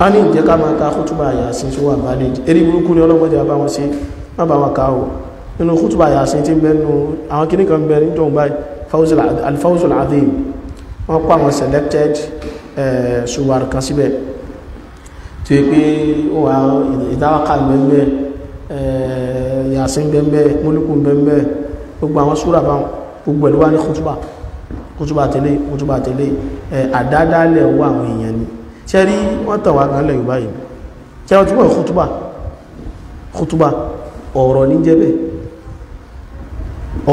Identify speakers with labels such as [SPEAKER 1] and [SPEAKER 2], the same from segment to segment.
[SPEAKER 1] a ní ìjẹ́ ká máa ka kútùbà Yásìn tó wà valid eré burúkú ni ọlọ́mọdé àbá wọn ṣe má bá wọn ká o nínú kútùbà Yásìn tí ń bẹ àwọn kìnnì kan bẹ ní tóun báyìí alfawzul adhim wọ́n kó àwọn selected suwar kan síbẹ̀ tí ó pé ó wà ìdáwàkà gbẹ́gbẹ́ Yásìn gbẹ́gbẹ́ múlùkù gbẹ́gbẹ́ gbogbo àwọn súrà báwọn gbogbo ẹ̀lú wá ní kútùbà kútùbà tẹ́lẹ̀ ṣe rí wọ́n tàn wá gan lẹ̀ yorùbá yìí ṣe wọ́n túbọ̀ kútúbà kútúbà ọ̀rọ̀ ní jẹ́ bẹ́ẹ̀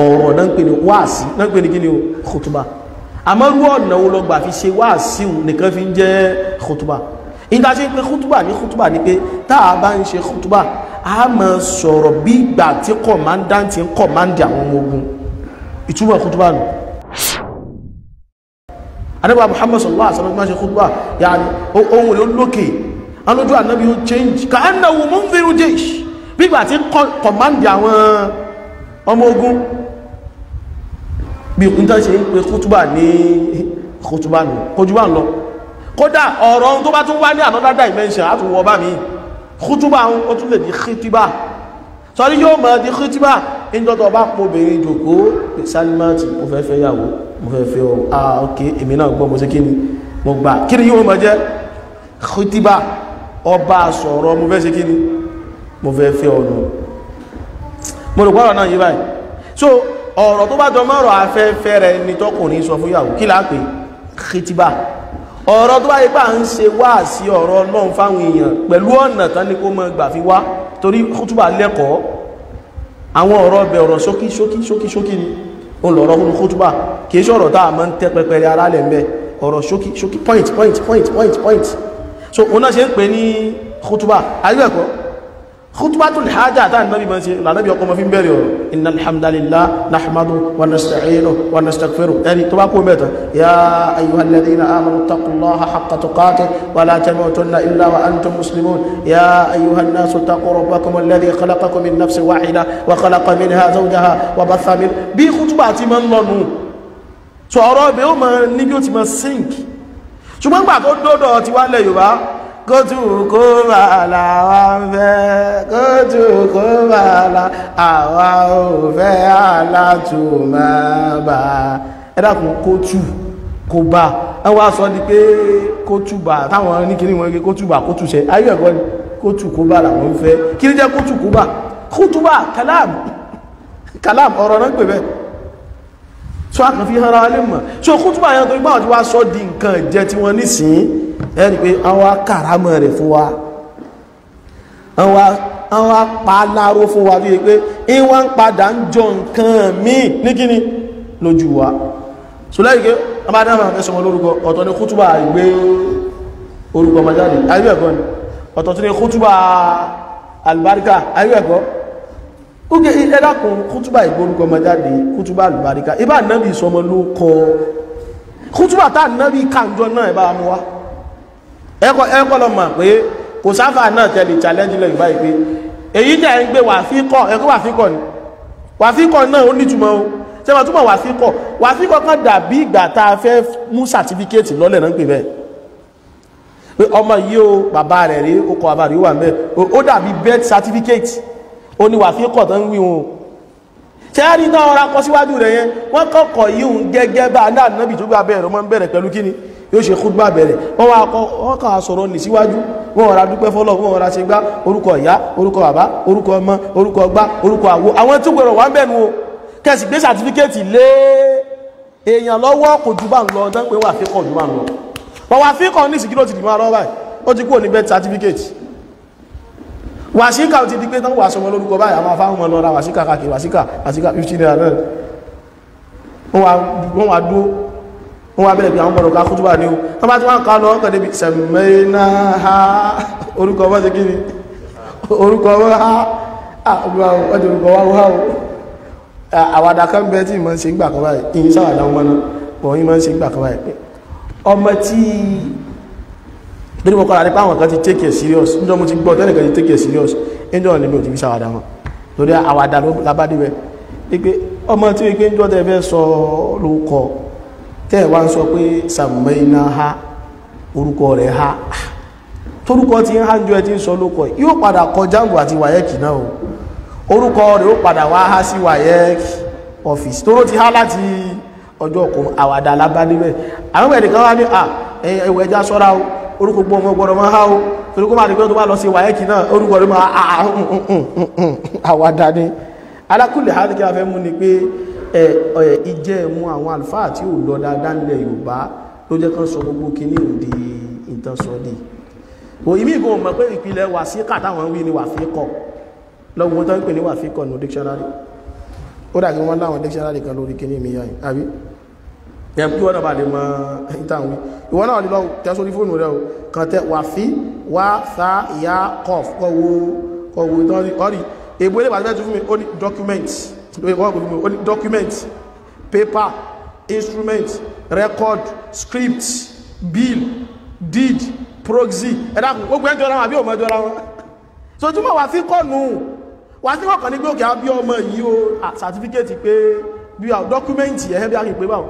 [SPEAKER 1] ọ̀rọ̀ náà ń pè ní wáàsí náà ń pè ní kí ni pe kútúbà ní kútúbà ni pé tá a bá ń ṣe kútúbà a mọ̀ sọ̀rọ̀ bí anábà muhammad sallallahu alaihi wasallam máa ṣe khutbah yàní ohun èlò lókè alójú ànábi ó change ka annahu munziru jaysh bígbà tí kọ̀máǹdì àwọn ọmọ ogun bí n tán ṣe ń pe khutbah ní khutbah nù kojú bá ń lọ kódà ọ̀rọ̀ tó bá tún wá ní another dimension á tún wọ bá mi khutbah ó tún lè di khutbah sọrí yóò mọ̀ di khutbah níjọ́tọ̀ bá pọ̀ obìnrin jòkó sálímáàtì mo fẹ́ fẹ́ yàwó mo fẹ́ fẹ́ ọ ah ok èmi náà gbọ́ mo sí kí ni mo gbà kí ni yíò mọ̀ jẹ́ kìtìbà ọba sọ̀rọ̀ mo fẹ́ sí kí ni mo fẹ́ fẹ́ ọ̀nà mo rò pọ́rọ̀ náà yí báyìí so ọ̀rọ̀ tó bá jọ mọ́rọ̀ afẹ́fẹ́ rẹ̀ ni tọkùnrin sọ fún yàwó kí láàpẹ́ kìtìbà ọ̀rọ̀ tó bá yẹ pà ń ṣe wá sí ọ̀rọ̀ ọlọ́run fáwọn èèyàn pẹ̀lú ọ̀nà tán ni kó mọ gbà fi wá torí kútùbà lẹ́kọ̀ọ́ àwọn ọ̀rọ̀ ọbẹ̀ ọ̀rọ̀ ṣókí ṣókí ṣókí ṣókí ni ó lọ ọ̀rọ̀ kútùbà kìí ṣe ọ̀rọ̀ táà máa ń tẹ́ pẹpẹrẹ arálẹ̀ ń bẹ ọ̀rọ̀ ṣókí ṣókí point point point point point so òun náà ṣe ń pè ní kútùbà ayé khutbatul hajj ta nabi man se la nabi ko ma fi mbere o innal hamdalillah nahmadu wa nasta'inu wa nastaghfiru yani to ba ko meta ya ayyuhalladhina amanu taqullaha haqqa tuqatih wa la tamutunna illa wa antum muslimun ya ayyuhan nasu taqu rabbakum alladhi khalaqakum min nafsin wahida wa khalaqa minha zawjaha wa batha min bi khutbati man lanu so ọ̀rọ̀ be o ma ni bi o ti ma sink ṣùgbọ́n gbà tó dọ́dọ̀ ti wálẹ̀ yorùbá kótù kó la làwa ń fẹ́ kótù kó bà là àwa ò fẹ́ alátùmọ̀ bà ẹ dákun kótù kó bà ẹ wá sọ di pé kótù bà táwọn ní kíní wọn gé kótù bà kótù ṣe ayé ẹ̀kọ́ ni kótù kó bà làwọn ń fẹ́ kí ni jẹ́ kótù kó bà kótù bà kàlám kàlám ọ̀rọ̀ náà ń pè so a kàn fi hàn ara lè mọ̀ so kútùbà yẹn tó ipá àti wá sọ di nǹkan ìjẹ tí wọ́n nísìn ẹni pé àwọn akàràmọ̀ rẹ̀ fún wa àwọn apaláró fún wa bíi pé ìwọ́n ń padà ń jọ nǹkan míì ní kíni lójú wa so lẹ́yìn pé abádámà fẹ́ lórúkọ ọ̀tọ̀ ni kútùbà ìgbé orúkọ majáde ayé ni ọ̀tọ̀ tún ni kútùbà àlùbáríkà ayé ókè ẹ̀dàkùn kútúbà ìgbórúkọ ọmọ jáde kútúbà àlùbáríkà ibà náàbì ìsọmọ ló kọ kútúbà tá náàbì kàǹjọ náà ẹ̀bá mú wá ẹ̀kọ́ lọ mọ̀ pé kò sáfà náà tẹ̀lé challenge lọ ìbá ìpé èyí jẹ́ ń gbé wàfíkọ̀ ẹ̀kọ́ wàfíkọ̀ ni wàfíkọ̀ náà ó nítumọ̀ o ṣe wọ́n túmọ̀ wàfíkọ̀ wàfíkọ̀ kan dàbí ìgbà tá a fẹ́ mú certificate lọ́lẹ̀ náà ń pè bẹ́ẹ̀ pé ọmọ yìí o bàbá rẹ̀ rí ó kọ àbárí wà mẹ́ ó dàbí birth certificate ó ní wàfíkọ̀ tó ń wí wọn ṣe á rí náà ọ̀rá kọ síwájú rẹ̀ yẹn wọ́n kọ́kọ́ yíò ń gẹ́gẹ́ bá aláàdínábì tó gbà bẹ̀rẹ̀ wọ́n bẹ̀rẹ̀ pẹ̀lú kíni yóò ṣe kú gbà bẹ̀rẹ̀ wọ́n wá kọ́ wọ́n kà sọ̀rọ̀ nì síwájú wọ́n ọ̀rá dúpẹ́ fọ́lọ̀ wọ́n ọ̀rá ṣe gbá orúkọ ìyá orúkọ bàbá orúkọ ọmọ orúkọ gbá orúkọ àwo àwọn tí gbèrò wọ́n bẹ̀nu o kẹsì gbé sàtífíkẹ́ẹ̀tì lé èèyàn lọ́wọ́ kò ju bá ń lọ ọdún pé wà fíkọ̀ ju bá ń lọ wọ́n wà ní ìsìnkí ló ti dì máa rọ́ báyìí ó ti kúrò níbẹ̀ sàtífíkẹ́ẹ̀tì wàsíkà ò ti di pé tán wà sọmọ lórúkọ báyìí àwọn afáwọn ọmọ lọ́ra wàsíkà kàkì wàsíkà wàsíkà 15 naira náà wọ́n wà dúó wọ́n wà bẹ̀rẹ̀ bí àwọn ọmọ ọ̀ká kútúbà ní o wọ́n bá tí wọ́n ká lọ ọkọ̀ débi sẹ̀mẹ́ná ha orúkọ ọmọ ti kí ni orúkọ ọmọ ha ọjọ́ orúkọ wa wá o àwàdà kan bẹ tí ìmọ̀ ń ṣe gbà kan báyìí ìyìn sáwàdà ọmọ náà bọ̀ torí mọ́kànlá nípa àwọn kan ti take it serious níjọ́ mo ti gbọ́ tẹ́lẹ̀ kan ti take it serious níjọ́ ní mi ò ti fi ṣàwàdà mọ́ torí àwàdà ló labádé rẹ̀ ọmọ tí wípé níjọ́ tẹ́ fẹ́ sọ lóko tẹ́ wá ń sọ ha orúkọ rẹ̀ ha torúkọ ti ń ha jọ ẹ ti wayeki náà o orúkọ rẹ̀ ó padà wá sí wayeki tó ló ti há láti ọjọ́ ọkùnrin labádé orúkọ gbọ́ ọmọ gbọ́dọ̀ máa há o torí kó máa rí pé tó bá lọ sí wáyẹ́kì náà orúkọ rí máa ah, ah, mm, mm, mm, àwàdà ni alákùnlé ha kí a fẹ́ mú ni pé ìjẹ́ mú àwọn àlùfáà tí ò lọ dáadáa nílẹ̀ Yorùbá ló jẹ́ kán sọ gbogbo kíní òdi ìtàn sọ di òyìnbí ìgbò mọ̀ pé ìpìlẹ̀ wà sí kàtàwọn wí ni wà fi kọ lọ́gbọ́n tó ń pè ní wà fi kọ nù dictionary ó dàgbé wọn láwọn dictionary kan lórí kíní mi yá yìí àbí yẹn kí wọ́n náà bá lè mọ ìtàn wí ìwọ náà lè lọ tẹ́ sórí fóònù rẹ̀ o kàn tẹ́ wà fí wá sa ìyá kọf kọwo kọwo ìtọ́rí ọ̀rí ègbò ilé ìbàdàn fún mi ó ní document ó ní document paper instrument record script bill deed proxy ẹ̀dá kù ó gbẹ́jọ́ ra wọn àbí òmọ́jọ́ ra wọn sojúmọ́ wà fí kọ́nù wà sí wọ́n kàn ní gbókè àbí ọmọ yìí o ah, certificate pé bí i dọ́kúmẹ́ntì ẹ̀hẹ́ bí i àgbègbè báwọn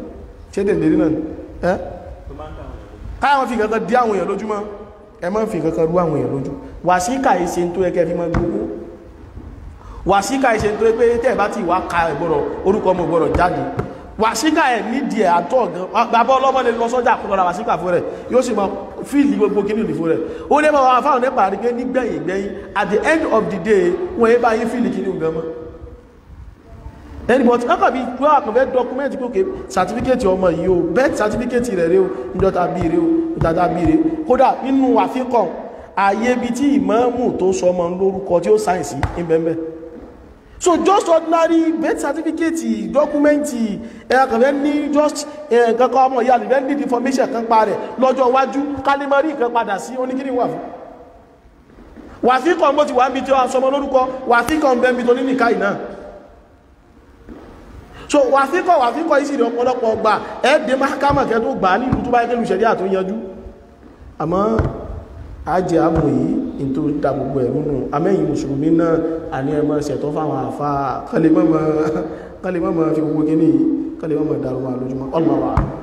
[SPEAKER 1] ṣé dèdè rí náà ẹ́ káwọn fi kankan dí àwọn èèyàn lójúmọ́ ẹ má fi kankan rú àwọn èèyàn lójú wàsíkà ìṣe tó yẹ kẹ́ fi mọ́ gbogbo wàsíkà ka ẹ̀gbọ́rọ̀ orúkọ ọmọ ìgbọ́rọ̀ jáde wàsíkà ẹ̀ nídìí ẹ̀ àtọ̀ gan bàbá ọlọ́mọ lè lọ sọ́jà kó lọ́ra wàsíkà fún rẹ̀ yóò sì mọ fíìlì gbogbo kí nìlì fún rẹ̀ ó lè mọ àwọn afáwọn nípa àrígbé nígbẹ̀yìn gbẹ̀yìn at the end of the day wọ́n yé báyìí fíìlì kí nìlì gan anybody ọkọ̀ bí tó àkànfẹ́ dọkúmẹ́ntì kókè certificate ọmọ yìí o bẹ́ẹ̀ certificate rẹ̀ rẹ̀ o ìjọta bí rẹ̀ o ìjọta bí rẹ̀ kódà nínú àfikàn ààyè ibi tí ìmáàmù tó sọ ọmọ lórúkọ tí ó sáyẹ̀nsì ìbẹ̀m̀bẹ̀ so just ordinary birth certificate dọ́kúmẹ́ntì ẹ̀kànfẹ́ ní just ẹ̀kankan ọmọ ìyá rẹ̀ need information kan pa rẹ̀ lọ́jọ́ iwájú kálímọ́rì kan padà sí oníkíní wà fún wàfíkàn bó ti wà ń bi tí ó sọmọ lórúkọ wàfíkàn bẹ́ẹ̀ bi tó ní nìka ìnáà so wàfíkọ̀ wàfíkọ̀ ìsìrì ọ̀pọ̀lọpọ̀ ọgbà ẹ́dẹ̀ mákàmọ̀kẹ́ tó gbà ní ìlú tó bá gẹ́lù ṣẹ̀dí àtún yanjú àmọ́ ajẹ́ àmọ̀ yìí in tó dá gbogbo ẹ̀rúnù amẹ́yìn mùsùlùmí náà àní ẹmọ ṣẹ̀tọ́ fáwọn àfá kálẹ̀ mọ́mọ́ fi gbogbo kíní kálẹ̀ mọ́mọ́ darúmọ́ lójúmọ́ ọlọ́wàá